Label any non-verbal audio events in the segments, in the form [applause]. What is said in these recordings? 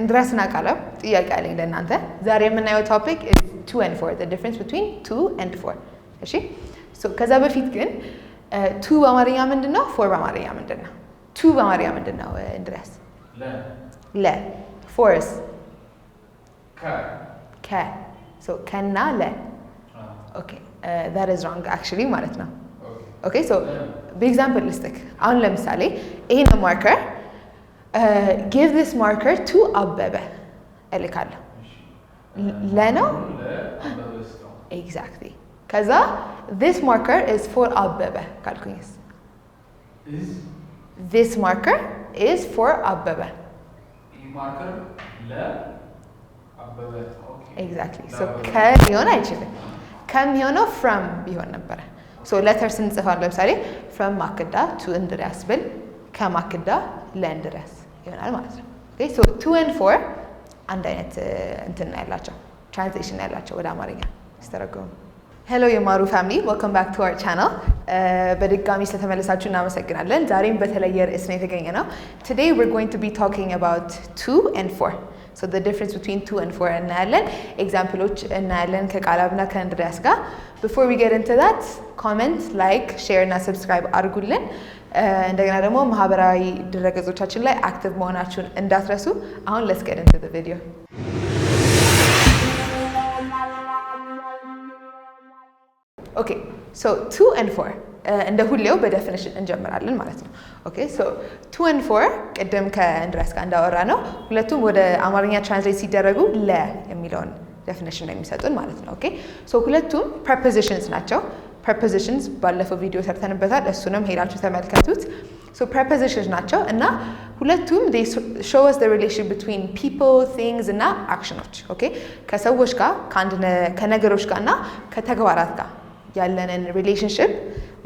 እንድረስ እናውቃለን። ጥያቄ አለኝ ለእናንተ። ዛሬ የምናየው ቶፒክ ቱ ኤንድ ፎር ዲፍረንስ ቢትዊን ቱ ኤንድ ፎር። እሺ ከዛ በፊት ግን ቱ በአማርኛ ምንድን ነው? ፎር በአማርኛ ምንድን ነው? ቱ በአማርኛ ምንድን ነው? እንድረስ ለ ፎርስ ከ ከና ለ ዛት ኢዝ ሮንግ አክቹዋሊ ማለት ነው። ኦኬ ሶ በኤግዛምፕል ልስጥክ። አሁን ለምሳሌ ይሄ ነው ማርከር ጊቭ ዚስ ማርከር ቱ አበበ እልካለሁ። ለነው ኤግዛክትሊ። ከዛ ዚስ ማርከር ኢዝ ፎር አበበ ካልኩኝስ ዚስ ማርከር ኢዝ ፎር አበበ ኤግዛክትሊ። ከሊሆን አይችልም ከሚሆነው ፍሮም ቢሆን ነበረ። ሌተር ስንጽፋን ለምሳሌ ፍረም ማክዳ ቱ እንድርያስ ብል ከማክዳ ለእንድርያስ ይሆናል ማለት ነው። ሶ ቱ ን ፎር አንድ አይነት uh, እንትን ያላቸው ትራንስሌሽን ያላቸው ወደ አማርኛ ሲተረጎሙ። ሄሎ የማሩ ፋሚሊ ወልካም ባክ ቱ አወር ቻናል። በድጋሚ ስለተመለሳችሁ እናመሰግናለን። ዛሬም በተለየ ርዕስ ነው የተገኘ ነው። ቱዴይ ዌር ጎይንግ ቱ ቢ ታኪንግ አባውት ቱ ኤንድ ፎር ሶ ዘ ዲፍረንስ ቢትዊን ቱ ኤንድ ፎር እናያለን። ኤግዛምፕሎች እናያለን ከቃላብና ከእንድሪያስ ጋር። ቢፎር ዊ ጌት ኢንቱ ዛት ኮመንት፣ ላይክ፣ ሼር እና ሰብስክራይብ አድርጉልን። እንደገና ደግሞ ማህበራዊ ድረገጾቻችን ላይ አክቲቭ መሆናችሁን እንዳትረሱ። አሁን ሌትስ ጌት ኢንቱ ዘ ቪዲዮ። ኦኬ ሶ ቱ ኤንድ ፎር እንደ ሁሌው በደፊኒሽን እንጀምራለን ማለት ነው። ኦኬ ሶ ቱ ኤንድ ፎር ቅድም ከእንድሪያስ ጋር እንዳወራ ነው ሁለቱም ወደ አማርኛ ትራንስሌት ሲደረጉ ለ የሚለውን ዴፊኒሽን ነው የሚሰጡን ማለት ነው። ኦኬ ሶ ሁለቱም ፕሬፖዚሽንስ ናቸው ፕሪፖዚሽንስ ባለፈው ቪዲዮ ሰርተንበታል። እሱንም ሄዳችሁ ተመልከቱት። ሶ ፕሪፖዚሽንስ ናቸው እና ሁለቱም ሾው አስ ሪሌሽን ቢትዊን ፒፕል ቲንግስ እና አክሽኖች ኦኬ። ከሰዎች ጋር ከነገሮች ጋር እና ከተግባራት ጋር ያለንን ሪሌሽንሽፕ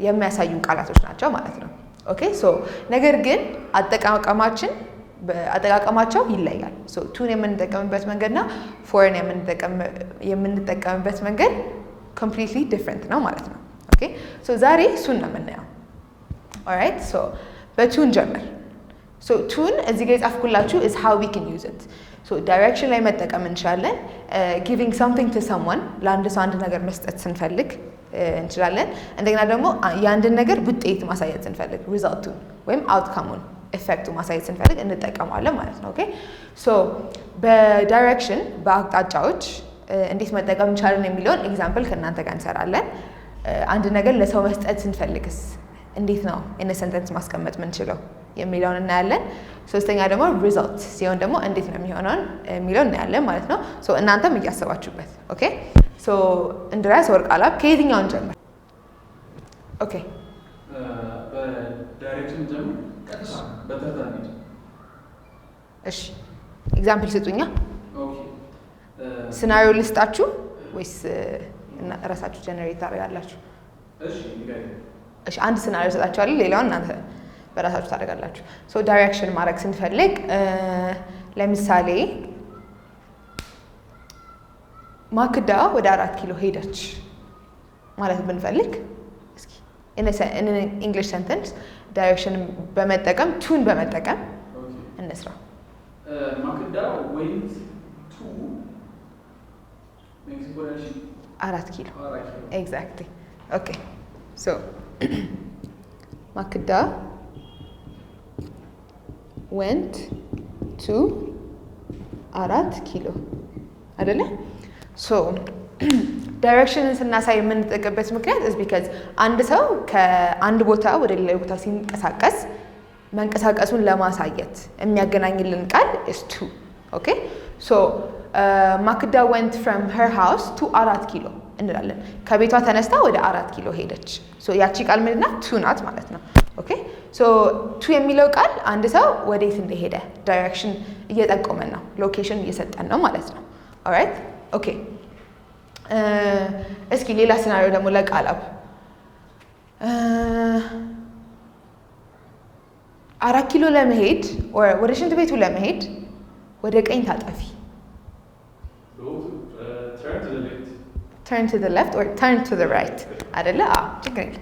የሚያሳዩ ቃላቶች ናቸው ማለት ነው። ኦኬ ሶ ነገር ግን አጠቃቀማችን አጠቃቀማቸው ይለያል። ሶ ቱን የምንጠቀምበት መንገድ እና ፎርን የምንጠቀምበት መንገድ ኮምፕሊትሊ ዲፍረንት ነው ማለት ነው። ኦኬ ሶ ዛሬ ሱን ነው የምናየው። ኦራይት ሶ በቱን ጀምር። ሶ ቱን እዚህ ጋር የጻፍኩላችሁ ኢዝ ሃው ዊ ካን ዩዝ ኢት ሶ ዳይሬክሽን ላይ መጠቀም እንችላለን። ጊቪንግ ሰምቲንግ ቱ ሰምዋን ለአንድ ሰው አንድ ነገር መስጠት ስንፈልግ uh, እንችላለን። እንደገና ደግሞ uh, የአንድን ነገር ውጤት ማሳየት ስንፈልግ ሪዛልቱን ወይም አውትካሙን ኤፌክቱ ማሳየት ስንፈልግ እንጠቀመዋለን ማለት ነው። ኦኬ ሶ በዳይሬክሽን በአቅጣጫዎች uh, እንዴት መጠቀም እንችላለን የሚለውን ኤግዛምፕል ከእናንተ ጋር እንሰራለን። አንድ ነገር ለሰው መስጠት ስንፈልግስ እንዴት ነው ኢን ሰንተንስ ማስቀመጥ ምንችለው የሚለውን እናያለን። ሶስተኛ ደግሞ ሪዛልት ሲሆን ደግሞ እንዴት ነው የሚሆነውን የሚለው እናያለን ማለት ነው። እናንተም እያሰባችሁበት። ኦኬ እንድሪያስ ወርቅ አላብ ከየትኛውን ጀምር? ኦኬ እሺ ኤግዛምፕል ስጡኛ። ስናሪዮ ልስጣችሁ ወይስ እና ጀነሬት ታደርጋላችሁ። እሺ አንድ ስናሪዮ ሰጣችኋል፣ ሌላውን እናንተ በራሳችሁ ታደርጋላችሁ። ሶ ዳይሬክሽን ማድረግ ስንፈልግ ለምሳሌ ማክዳ ወደ አራት ኪሎ ሄደች ማለት ብንፈልግ ኢንግሊሽ ሰንተንስ ዳይሬክሽን በመጠቀም ቱን በመጠቀም እንስራ። ማክዳ ወይንት ቱ አራት ኪሎ ኤግዛክትሊ። ኦኬ ሶ ማክዳ ወንት ቱ አራት ኪሎ አይደለ? ሶ ዳይሬክሽንን [clears throat] ስናሳይ የምንጠቀምበት ምክንያት እዝ ቢከዝ አንድ ሰው ከአንድ ቦታ ወደ ሌላ ቦታ ሲንቀሳቀስ መንቀሳቀሱን ለማሳየት የሚያገናኝልን ቃል ኢስ ቱ ኦኬ ሶ Uh, ማክዳ ወንት ፍሮም ሄር ሃውስ ቱ አራት ኪሎ እንላለን። ከቤቷ ተነስታ ወደ አራት ኪሎ ሄደች። ያቺ ቃል ምንድና ቱ ናት ማለት ነው። ኦኬ ሶ ቱ የሚለው ቃል አንድ ሰው ወዴት እንደሄደ ዳይሬክሽን እየጠቆመን ነው፣ ሎኬሽን እየሰጠን ነው ማለት ነው። ኦራይት ኦኬ። uh, እስኪ ሌላ ሲናሪዮ ደግሞ ለቃላብ uh, አራት ኪሎ ለመሄድ ወደ ሽንት ቤቱ ለመሄድ ወደ ቀኝ ታጠፊ ተርን ቱ ለፍት ወይ ተርን ቱ ራይት አይደለ? አዎ ችግር የለም።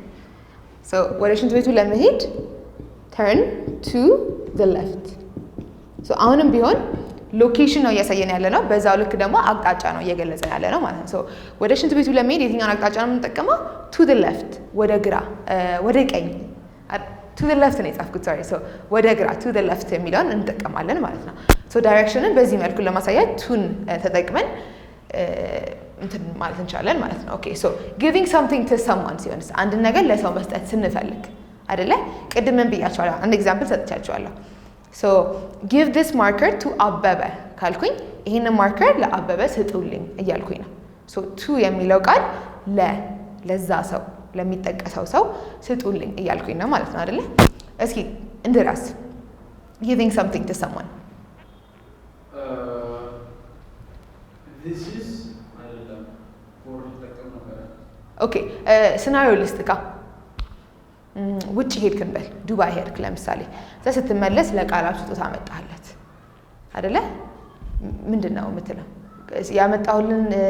ወደ ሽንት ቤቱ ለመሄድ ተርን ቱ ለፍት። አሁንም ቢሆን ሎኬሽን ነው እያሳየን ያለ ነው። በዛው ልክ ደግሞ አቅጣጫ ነው እየገለጸን ያለ ነው ማለት ነው። ወደ ሽንት ቤቱ ለመሄድ የትኛውን አቅጣጫ ነው የምንጠቀመው? ቱ ለፍት፣ ወደ ግራ፣ ወደ ቀኝ ቱ ለፍት ነው የጻፍኩት። ሶሪ ወደ ግራ ቱ ለፍት የሚለውን እንጠቀማለን ማለት ነው። ዳይሬክሽንን በዚህ መልኩ ለማሳየት ቱን ተጠቅመን እንትን ማለት እንችላለን ማለት ነው። ኦኬ ሶ ጊቪንግ ሰምቲንግ ቱ ሰማን ሲሆን አንድን ነገር ለሰው መስጠት ስንፈልግ አይደለ? ቅድምን ብያቸዋለሁ፣ አንድ ኤግዛምፕል ሰጥቻቸዋለሁ። ሶ ጊቭ ዲስ ማርከር ቱ አበበ ካልኩኝ ይህንን ማርከር ለአበበ ስጡልኝ እያልኩኝ ነው። ሶ ቱ የሚለው ቃል ለ ለዛ ሰው ለሚጠቀሰው ሰው ስጡልኝ እያልኩኝ ነው ማለት ነው አይደለ? እስኪ እንድራስ ጊቪንግ ሰምቲንግ ቱ ሰማን ኦኬ ስናሪዮ ሊስት ካ ውጭ ሄድክ እንበል ዱባይ ሄድክ ለምሳሌ እዛ ስትመለስ ለቃላችሁ ስጦታ መጣለት አደለ ምንድን ነው የምትለው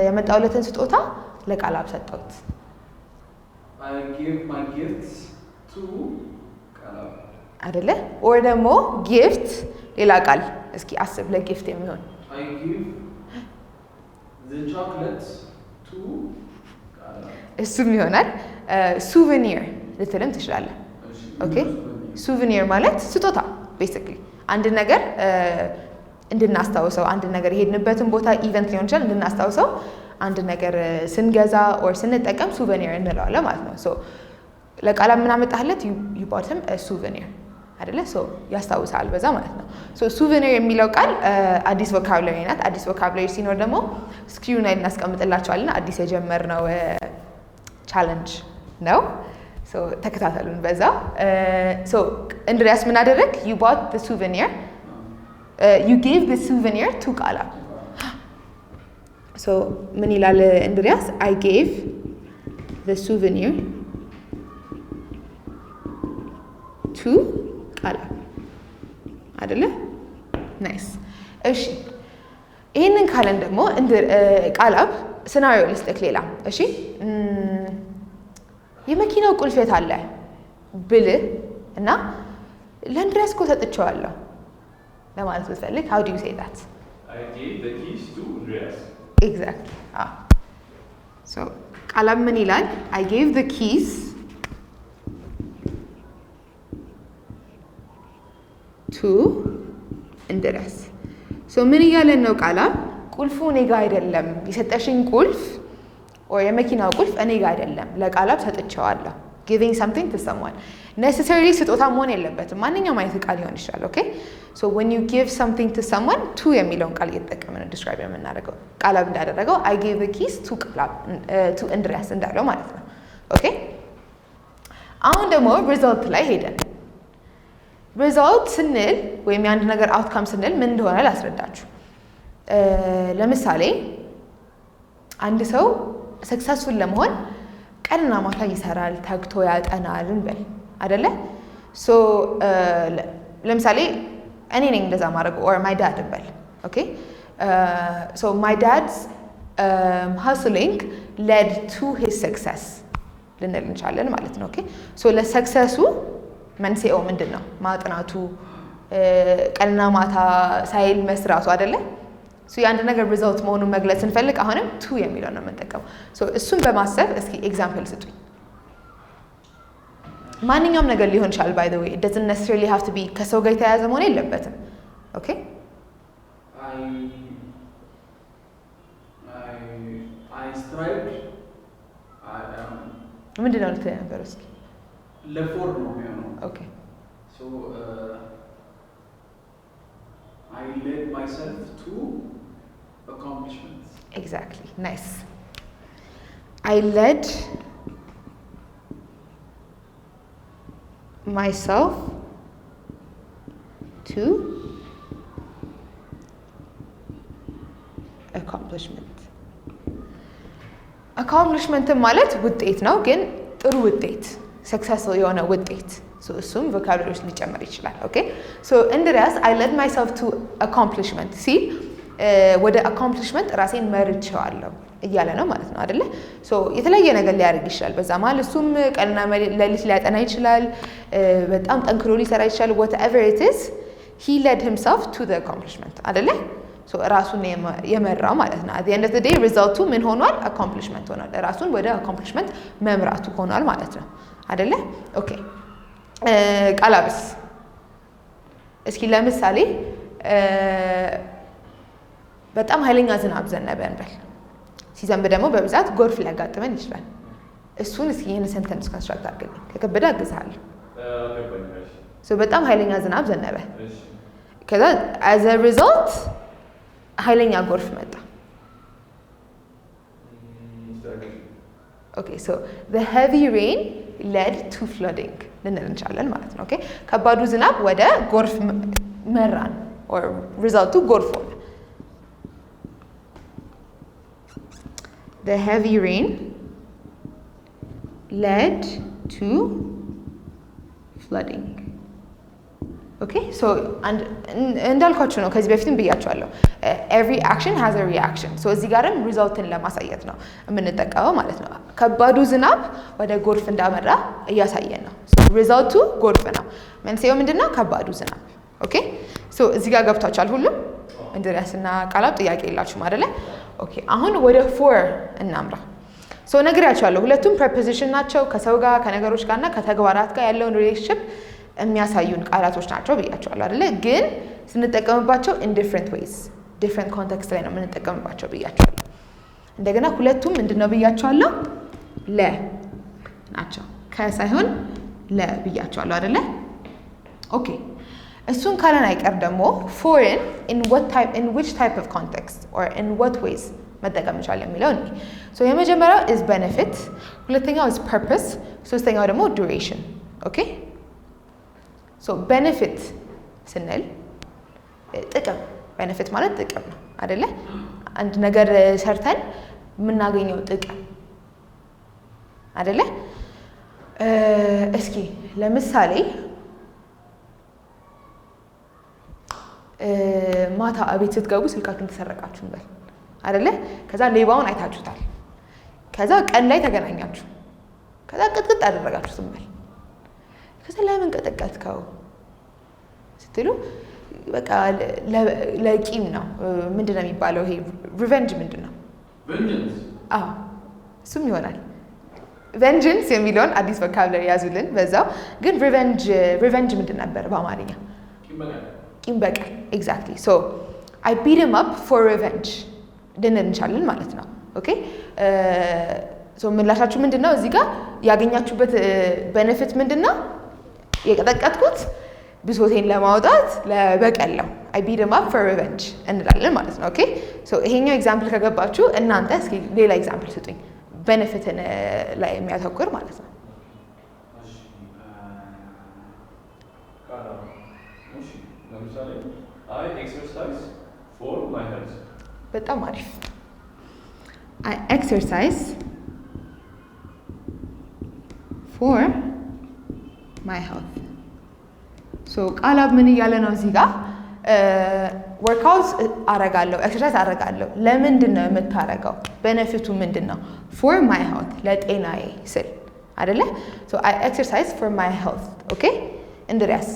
ያመጣሁለትን ስጦታ ለቃላብ ሰጠሁት አደለ ኦር ደግሞ ጊፍት ሌላ ቃል እስኪ አስብ ለጊፍት የሚሆን Uh, እሱም ይሆናል። ሱቨኒር uh, ልትልም ትችላለህ። ኦኬ ሱቨኒር ማለት ስጦታ ቤሲክሊ አንድ ነገር uh, እንድናስታውሰው አንድ ነገር የሄድንበትን ቦታ ኢቨንት ሊሆን ይችላል እንድናስታውሰው አንድ ነገር ስንገዛ ኦር ስንጠቀም ሱቨኒር እንለዋለን ማለት ነው። ሶ ለቃላ የምናመጣለት ዩ ባትም ሱቨኒር አደለ ያስታውሳል በዛ ማለት ነው። ሱቨኒር የሚለው ቃል አዲስ ቮካብላሪ ናት። አዲስ ቮካብላሪ ሲኖር ደግሞ ስኪዩ ላይ እናስቀምጥላቸዋለን። አዲስ የጀመርነው ቻለንጅ ነው። ተከታተሉን። በዛ እንድሪያስ ምን አደረግ? ዩ ባት ሱቨኒር ዩ ጌቭ ሱቨኒር ቱ ቃላ ምን ይላል እንድሪያስ? አይ ጌቭ ሱቨኒር አለ አደለ? ናይስ። እሺ ይህንን ካለን ደግሞ ቃላብ ስናሪዮ ልስጥክ ሌላ። እሺ የመኪናው ቁልፌት አለ ብል እና ለአንድሪያስ እኮ ሰጥቼዋለሁ ለማለት ብፈልግ ሀው ዲዩ ሴይ ዛት? ኤግዛክትሊ ቃላብ ምን ይላል? አይ ጌቭ ዘ ኪስ ቱ እንድረስ። ምን እያለን ነው? ቃላ ቁልፉ እኔ ጋ አይደለም፣ የሰጠሽኝ ቁልፍ የመኪናው ቁልፍ እኔ ጋ አይደለም፣ ለቃላብ ሰጥቼዋለሁ። ጊቪንግ ሰምቲንግ ትሰሟል። ኔሴሰሪ ስጦታ መሆን የለበትም። ማንኛውም አይነት ቃል ሊሆን ይችላል። ኦኬ ሶ ወን ዩ ጊቭ ሰምቲንግ ትሰሟል ቱ የሚለውን ቃል እየተጠቀምን ዲስክራይብ የምናደርገው ቃላብ እንዳደረገው አይ ጌቭ ኪስ ቱ ቃላብ ቱ እንድሪያስ እንዳለው ማለት ነው። ኦኬ አሁን ደግሞ ሪዘልት ላይ ሄደን ሪዛልት ስንል ወይም የአንድ ነገር አውትካም ስንል ምን እንደሆነ ላስረዳችሁ። ለምሳሌ አንድ ሰው ሰክሰስፉል ለመሆን ቀንና ማታ ይሰራል፣ ተግቶ ያጠናል እንበል አደለ? ሶ ለምሳሌ እኔ ነኝ እንደዛ ማድረግ ኦር ማይ ዳድ እንበል። ኦኬ ሶ ማይ ዳድ ሀስሊንግ ሌድ ቱ ሂዝ ሰክሰስ ልንል እንችላለን ማለት ነው። ኦኬ ሶ ለሰክሰሱ መንስኤው ምንድን ነው? ማጥናቱ ቀንና ማታ ሳይል መስራቱ አይደለ? የአንድ ነገር ሪዛልት መሆኑን መግለጽ ስንፈልግ አሁንም ቱ የሚለው ነው የምንጠቀመው። እሱን በማሰብ እስኪ ኤግዛምፕል ስጡኝ። ማንኛውም ነገር ሊሆን ይችላል። ባይ ዘ ዌይ ደዝን ቢ ከሰው ጋር የተያያዘ መሆን የለበትም። ኦኬ um, ምንድን ነው እስኪ ለፎር ነው የሚሆነው። ኦኬ ሶ አይ ሌድ ማይሰልፍ ቱ አኮምፕሊሽመንት ኤግዛክትሊ ናይስ አይ ሌድ myself ቱ accomplishment accomplishment ማለት ውጤት ነው፣ ግን ጥሩ ውጤት ሰክሰስ የሆነ ውጤት እሱም ቮካብላሪ ውስጥ ሊጨምር ይችላል። ኦኬ ሶ እንድሪያስ አይ ለድ ማይሰልፍ ቱ አኮምፕሊሽመንት ሲል ወደ አኮምፕሊሽመንት ራሴን መርቸዋለሁ እያለ ነው ማለት ነው አደለ? የተለያየ ነገር ሊያደርግ ይችላል። በዛ መሀል እሱም ቀንና ሌሊት ሊያጠና ይችላል። uh, በጣም ጠንክሮ ሊሰራ ይችላል። ወት ኤቨር ኢት ኢዝ ሂ ለድ ሂምሰልፍ ቱ አኮምፕሊሽመንት አደለ? ራሱን የመራው ማለት ነው። አት ኤንድ ኦፍ ዘ ዴይ ሪዛልቱ ምን ሆኗል? አኮምፕሊሽመንት ሆኗል። ራሱን ወደ አኮምፕሊሽመንት መምራቱ ሆኗል ማለት ነው። አደለ? ኦኬ ቃላብስ እስኪ ለምሳሌ በጣም ኃይለኛ ዝናብ ዘነበ እንበል። ሲዘንብ ደግሞ በብዛት ጎርፍ ሊያጋጥመን ይችላል። እሱን እስኪ ይህን ሰንተንስ ኮንስትራክት አድርግልኝ። ከከበደ አግዝሃለሁ። በጣም ኃይለኛ ዝናብ ዘነበ። ከዛ አዘ ሪዞልት ኃይለኛ ጎርፍ መጣ። mm, ኦኬ ሶ ዘ ሄቪ ሬን ሌድ ቱ ፍሎዲንግ ልንል እንችላለን ማለት ነው። ኦኬ ከባዱ ዝናብ ወደ ጎርፍ መራን ኦር ሪዛልቱ ጎርፍ ሆነ። the heavy rain led to flooding ኦኬ ሶ እንዳልኳችሁ ነው። ከዚህ በፊትም ብያችኋለሁ። ኤቭሪ አክሽን ሃዝ አ ሪአክሽን። ሶ እዚህ ጋርም ሪዛልትን ለማሳየት ነው የምንጠቀመው ማለት ነው። ከባዱ ዝናብ ወደ ጎርፍ እንዳመራ እያሳየ ነው። ሪዛልቱ ጎርፍ ነው። መንስኤው ምንድን ከባዱ ዝናብ። ኦኬ ሶ እዚህ ጋር ገብቷችኋል ሁሉም? እንድሪያስና ቃላብ ጥያቄ የላችሁም አይደለ? ኦኬ አሁን ወደ ፎር እናምራ። ሶ ነግሬያችኋለሁ፣ ሁለቱም ፕሬፖዚሽን ናቸው። ከሰው ጋር ከነገሮች ጋርና ከተግባራት ጋር ያለውን ሪሌሽንሽፕ የሚያሳዩን ቃላቶች ናቸው ብያቸዋለሁ አይደለ? ግን ስንጠቀምባቸው ኢን ዲፍረንት ዌይዝ ዲፍረንት ኮንቴክስት ላይ ነው የምንጠቀምባቸው ብያቸዋለሁ። እንደገና ሁለቱም ምንድን ነው ብያቸዋለሁ ለ ናቸው። ከሳይሆን ለ ብያቸዋለሁ አደለ? ኦኬ እሱን ካለን አይቀር ደግሞ ፎሬን ኢን ዊች ታይፕ ኦፍ ኮንቴክስት ኦር ኢን ወት ዌይዝ መጠቀም እንችላለን የሚለው እኔ የመጀመሪያው ኢዝ ቤኔፊት፣ ሁለተኛው ኢዝ ፐርፐስ፣ ሶስተኛው ደግሞ ዱሬሽን። ኦኬ ሶ ቤኔፊት ስንል ጥቅም፣ ቤኔፊት ማለት ጥቅም ነው አደለ? አንድ ነገር ሰርተን የምናገኘው ጥቅም አደለ? እስኪ ለምሳሌ ማታ ቤት ስትገቡ ስልካችሁን ተሰረቃችሁ እንበል አደለ? ከዛ ሌባውን አይታችሁታል። ከዛ ቀን ላይ ተገናኛችሁ፣ ከዛ ቅጥቅጥ አደረጋችሁ እንበል። ከዛ ለምን ቀጠቀጥከው ስትሉ በቃ ለቂም ነው። ምንድን ነው የሚባለው? ይሄ ሪቨንጅ ምንድን ነው? እሱም ይሆናል ቬንጀንስ የሚለውን አዲስ ቮካብለሪ ያዙልን። በዛው ግን ሪቨንጅ ምንድን ነበር በአማርኛ? ቂም በቀል። ኤግዛክትሊ። ሶ አይ ቢት ሂም አፕ ፎር ሪቨንጅ ልንል እንችላለን ማለት ነው። ኦኬ ሶ ምላሻችሁ ምንድን ነው? እዚህ ጋር ያገኛችሁበት በነፍት ምንድን ነው? የቀጠቀጥኩት ብሶቴን ለማውጣት ለበቀል ነው። አይ ቢት ሂም አፕ ፎር ሪቨንጅ እንላለን ማለት ነው። ኦኬ ሶ ይሄኛው ኤግዛምፕል ከገባችሁ እናንተ እስኪ ሌላ ኤግዛምፕል ስጡኝ። በነፍትን ላይ የሚያተኩር ማለት ነው። በጣም አሪፍ ኤክሰርሳይዝ ፎር ማይ ሄልዝ ቃላብ ምን እያለ ነው እዚህ ጋር ወርክአውት አረጋለሁ፣ ኤክሰርሳይዝ አረጋለሁ። ለምንድን ነው የምታረገው? በነፊቱ ምንድን ነው? ፎር ማይ ሄልት ለጤናዬ ስል አደለ? ኤክሰርሳይዝ ፎር ማይ ሄልት ኦኬ። እንድሪያስ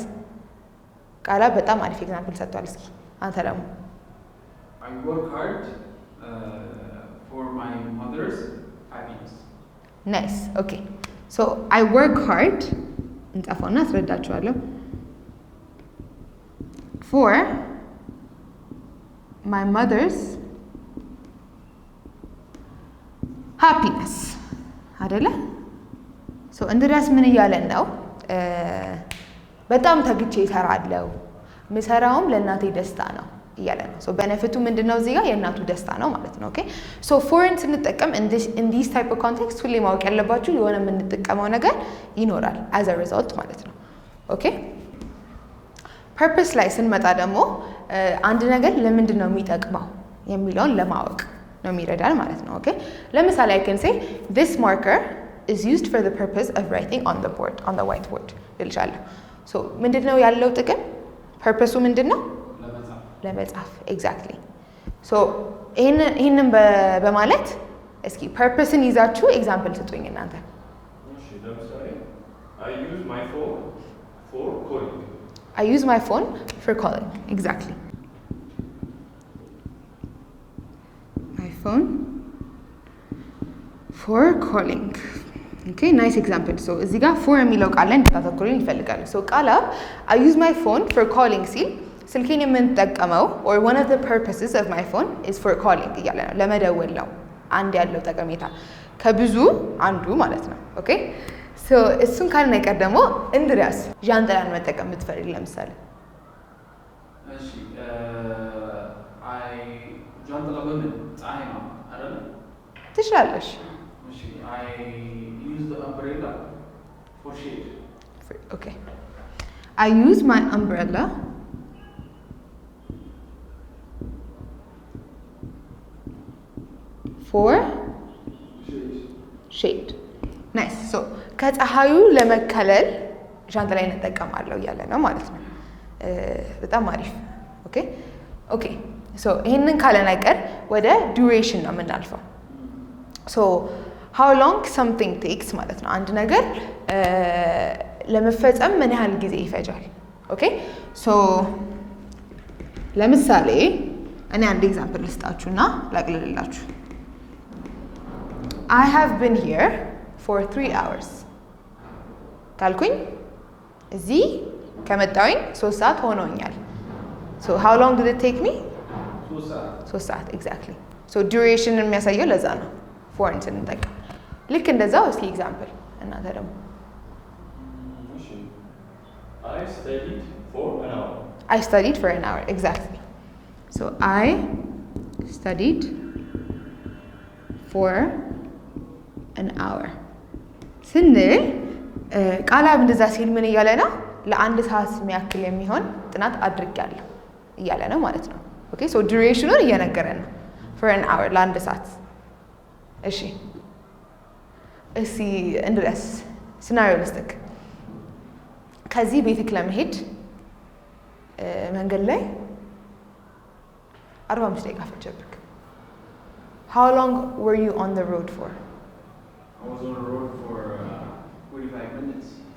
ቃላ በጣም አሪፍ ኤግዛምፕል ሰጥቷል። እስኪ አንተ ደግሞ ናይስ ኦኬ። ሶ አይ ወርክ ሃርድ እንጻፈውና አስረዳችኋለሁ for my mother's ሃፒነስ አደለ እንድረስ ምን እያለን ነው? በጣም ተግቼ ይሰራለው ምሰራውም ለእናቴ ደስታ ነው እያለ ነው። በነፍቱ ምንድን ነው እዚህ ጋር የእናቱ ደስታ ነው ማለት ነው። ኦኬ ሶ ፎርን ስንጠቀም እንዲስ ታይፕ ኮንቴክስት ሁሌ ማወቅ ያለባችሁ የሆነ የምንጠቀመው ነገር ይኖራል አዘ ሪዛልት ማለት ነው። ኦኬ ፐርፐስ ላይ ስንመጣ ደግሞ አንድ ነገር ለምንድን ነው የሚጠቅመው የሚለውን ለማወቅ ነው የሚረዳል ማለት ነው። ኦኬ ለምሳሌ አይ ከን ሴ ዚስ ማርከር ኢዝ ዩዝድ ፎር ዘ ፐርፐስ ኦፍ ራይቲንግ ኦን ዘ ቦርድ ኦን ዘ ዋይት ቦርድ ልልሻለሁ። ሶ ምንድን ነው ያለው ጥቅም? ፐርፐሱ ምንድን ነው? ለመጻፍ። ኤግዛክትሊ። ሶ ይህንን በማለት እስኪ ፐርፐስን ይዛችሁ ኤግዛምፕል ስጡኝ እናንተ I use my phone for calling. Exactly. My phone ፎር ኮሊንግ ኦኬ ናይስ ኤግዛምፕል ሶ እዚህ ጋር ፎር የሚለው ቃል ላይ እንድታተኩሩልኝ ይፈልጋሉ ሶ ቃል አይ ዩዝ ማይ ፎን ፎር ኮሊንግ ሲል ስልኬን የምንጠቀመው ኦር ዋን ኦፍ ዘ ፐርፐስስ ኦፍ ማይ ፎን ኢዝ ፎር ኮሊንግ እያለ ነው ለመደወል ነው አንድ ያለው ጠቀሜታ ከብዙ አንዱ ማለት ነው ኦኬ እሱን ካልን አይቀር ደግሞ እንድሪያስ ዣንጥላን መጠቀም ብትፈልግ ለምሳሌ ትችላለሽ። አይ ዩዝ ማይ አምብሬላ ፎር ሼድ ናይስ ሶ ከፀሐዩ ለመከለል ዣንጥላ እንጠቀማለሁ እያለ ነው ማለት ነው። በጣም አሪፍ ኦኬ ኦኬ። ሶ ይህንን ካለን ወደ ዱሬሽን ነው የምናልፈው። ሶ ሃው ሎንግ ሰምቲንግ ቴክስ ማለት ነው። አንድ ነገር ለመፈጸም ምን ያህል ጊዜ ይፈጃል? ኦኬ ሶ ለምሳሌ እኔ አንድ ኤግዛምፕል ልስጣችሁና ላቅልልላችሁ። አይ ሃቭ ቢን ሂር ፎር አወርስ ካልኩኝ እዚህ ከመጣሁኝ ሶስት ሰዓት ሆኖኛል። ሃው ሎንግ ድ ቴክ ሚ ሶስት ሰዓት ኤግዛክትሊ። ዱሬሽንን የሚያሳየው ለዛ ነው ፎርን ስንጠቀም። ልክ እንደዛው እስኪ ኤግዛምፕል እናንተ ደግሞ አይ ስተዲድ ፎር አን አወር ኤግዛክትሊ። አይ ስተዲድ ፎር አን አወር ስንል ቃላብ እንደዛ ሲል ምን እያለ ነው? ለአንድ ሰዓት የሚያክል የሚሆን ጥናት አድርጊያለሁ እያለ ነው ማለት ነው። ኦኬ ሶ ዱሬሽኑን እየነገረ ነው። ፎር አን አወር ለአንድ ሰዓት። እሺ እስቲ እንድረስ ስናሪዮ ልስጥክ። ከዚህ ቤትክ ለመሄድ መንገድ ላይ አርባ አምስት ደቂቃ ፈጀብክ። ሃው ሎንግ ወር ዩ ኦን ዘ ሮድ ፎር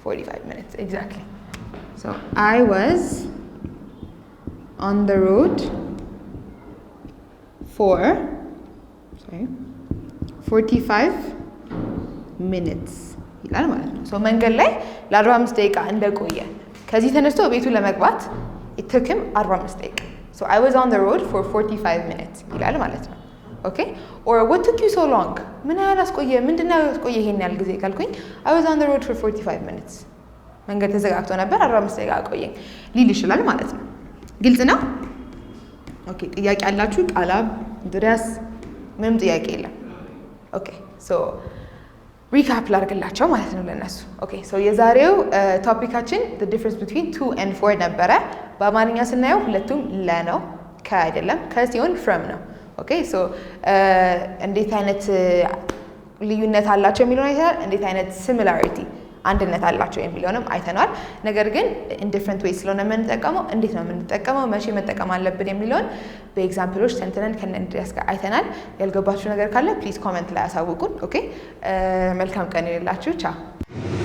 45 minutes exactly so i was on the road for sorry 45 minutes ይላል ማለት ነው። ሰው መንገድ ላይ ለ45 ደቂቃ እንደቆየ ከዚህ ተነስቶ ቤቱ ለመግባት ኢትክም 45 ደቂቃ ሶ አይ ዋዝ ኦን ዘ ሮድ ፎር 45 ሚኒትስ ይላል ማለት ነው። ኦኬ ኦር ወት ቱክ ዩ ሶ ሎንግ ምን ያህል አስቆየ ምንድን ነው ያስቆየ ይሄን ያህል ጊዜ ካልኩኝ አይ ዋዝ ኦን ዘ ሮድ ፎር 45 ሚኒትስ መንገድ ተዘጋግቶ ነበር 45 ደቂቃ አቆየኝ ሊል ይችላል ማለት ነው ግልጽ ነው ኦኬ ጥያቄ አላችሁ ቃላብ ድረስ ምንም ጥያቄ የለም ኦኬ ሶ ሪካፕ ላድርግላቸው ማለት ነው ለነሱ ኦኬ ሶ የዛሬው ቶፒካችን ዲፍረንስ ቢትዊን ቱ ኤንድ ፎር ነበረ በአማርኛ ስናየው ሁለቱም ለነው ከ አይደለም ከ ሲሆን ፍረም ነው ኦኬ ሶ uh, እንዴት አይነት uh, ልዩነት አላቸው የሚለውን አይተናል። እንዴት አይነት ሲሚላሪቲ አንድነት አላቸው የሚለውንም አይተናል። ነገር ግን ኢንዲፍረንት ዌይ ስለሆነ የምንጠቀመው እንዴት ነው የምንጠቀመው፣ መቼ መጠቀም አለብን የሚለውን በኤግዛምፕሎች ተንትነን ከነንድሪያስ ጋር አይተናል። ያልገባችሁ ነገር ካለ ፕሊዝ ኮመንት ላይ አሳውቁን። ኦኬ uh, መልካም ቀን ይላችሁ። ቻው